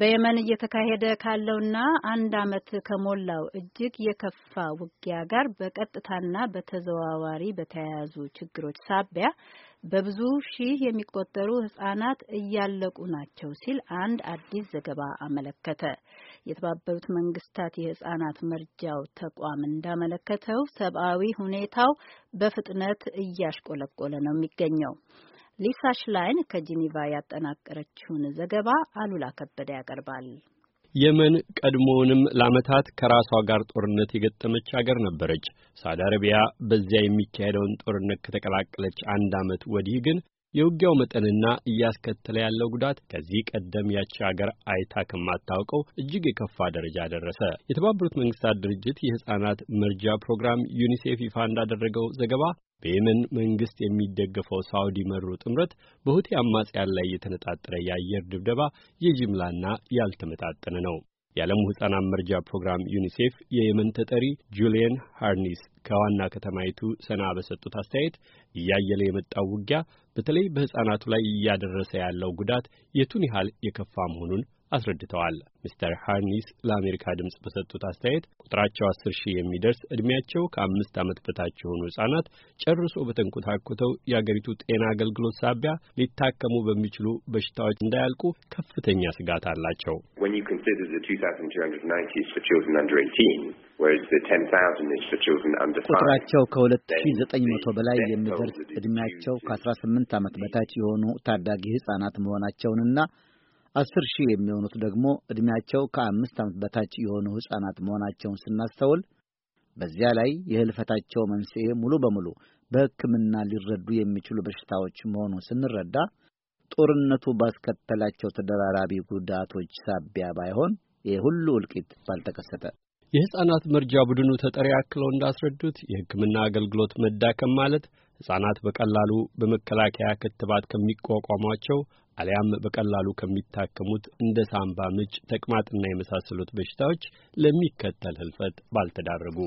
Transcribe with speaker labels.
Speaker 1: በየመን እየተካሄደ ካለውና አንድ ዓመት ከሞላው እጅግ የከፋ ውጊያ ጋር በቀጥታና በተዘዋዋሪ በተያያዙ ችግሮች ሳቢያ በብዙ ሺህ የሚቆጠሩ ህጻናት እያለቁ ናቸው ሲል አንድ አዲስ ዘገባ አመለከተ። የተባበሩት መንግስታት የህጻናት መርጃው ተቋም እንዳመለከተው ሰብአዊ ሁኔታው በፍጥነት እያሽቆለቆለ ነው የሚገኘው። ሊሳ ሽላይን ከጂኒቫ ያጠናቀረችውን ዘገባ አሉላ ከበደ ያቀርባል።
Speaker 2: የመን ቀድሞውንም ለዓመታት ከራሷ ጋር ጦርነት የገጠመች አገር ነበረች። ሳውዲ አረቢያ በዚያ የሚካሄደውን ጦርነት ከተቀላቀለች አንድ ዓመት ወዲህ ግን የውጊያው መጠንና እያስከተለ ያለው ጉዳት ከዚህ ቀደም ያቺ ሀገር አይታ ከማታውቀው እጅግ የከፋ ደረጃ ደረሰ። የተባበሩት መንግስታት ድርጅት የህጻናት መርጃ ፕሮግራም ዩኒሴፍ ይፋ እንዳደረገው ዘገባ በየመን መንግስት የሚደገፈው ሳውዲ መሩ ጥምረት በሁቲ አማጽያን ላይ የተነጣጠረ የአየር ድብደባ የጅምላና ያልተመጣጠነ ነው። የዓለሙ ሕፃናት መርጃ ፕሮግራም ዩኒሴፍ የየመን ተጠሪ ጁሊየን ሃርኒስ ከዋና ከተማይቱ ሰና በሰጡት አስተያየት እያየለ የመጣው ውጊያ በተለይ በሕፃናቱ ላይ እያደረሰ ያለው ጉዳት የቱን ያህል የከፋ መሆኑን አስረድተዋል። ሚስተር ሃርኒስ ለአሜሪካ ድምፅ በሰጡት አስተያየት ቁጥራቸው አስር ሺህ የሚደርስ ዕድሜያቸው ከአምስት ዓመት በታች የሆኑ ሕጻናት ጨርሶ በተንኮታኮተው የአገሪቱ ጤና አገልግሎት ሳቢያ ሊታከሙ በሚችሉ በሽታዎች እንዳያልቁ ከፍተኛ ስጋት አላቸው።
Speaker 3: ቁጥራቸው ከሁለት ሺህ ዘጠኝ መቶ በላይ የሚደርስ ዕድሜያቸው ከአስራ ስምንት ዓመት በታች የሆኑ ታዳጊ ሕጻናት መሆናቸውንና አስር ሺህ የሚሆኑት ደግሞ ዕድሜያቸው ከአምስት ዓመት በታች የሆኑ ሕፃናት መሆናቸውን ስናስተውል በዚያ ላይ የህልፈታቸው መንስኤ ሙሉ በሙሉ በሕክምና ሊረዱ የሚችሉ በሽታዎች መሆኑን ስንረዳ ጦርነቱ ባስከተላቸው ተደራራቢ ጉዳቶች ሳቢያ ባይሆን ይህ ሁሉ እልቂት ባልተከሰተ።
Speaker 2: የሕፃናት መርጃ ቡድኑ ተጠሪ አክለው እንዳስረዱት የሕክምና አገልግሎት መዳከም ማለት ሕፃናት በቀላሉ በመከላከያ ክትባት ከሚቋቋሟቸው አሊያም በቀላሉ ከሚታከሙት እንደ ሳንባ ምች፣ ተቅማጥና የመሳሰሉት በሽታዎች ለሚከተል ህልፈት ባልተዳረጉ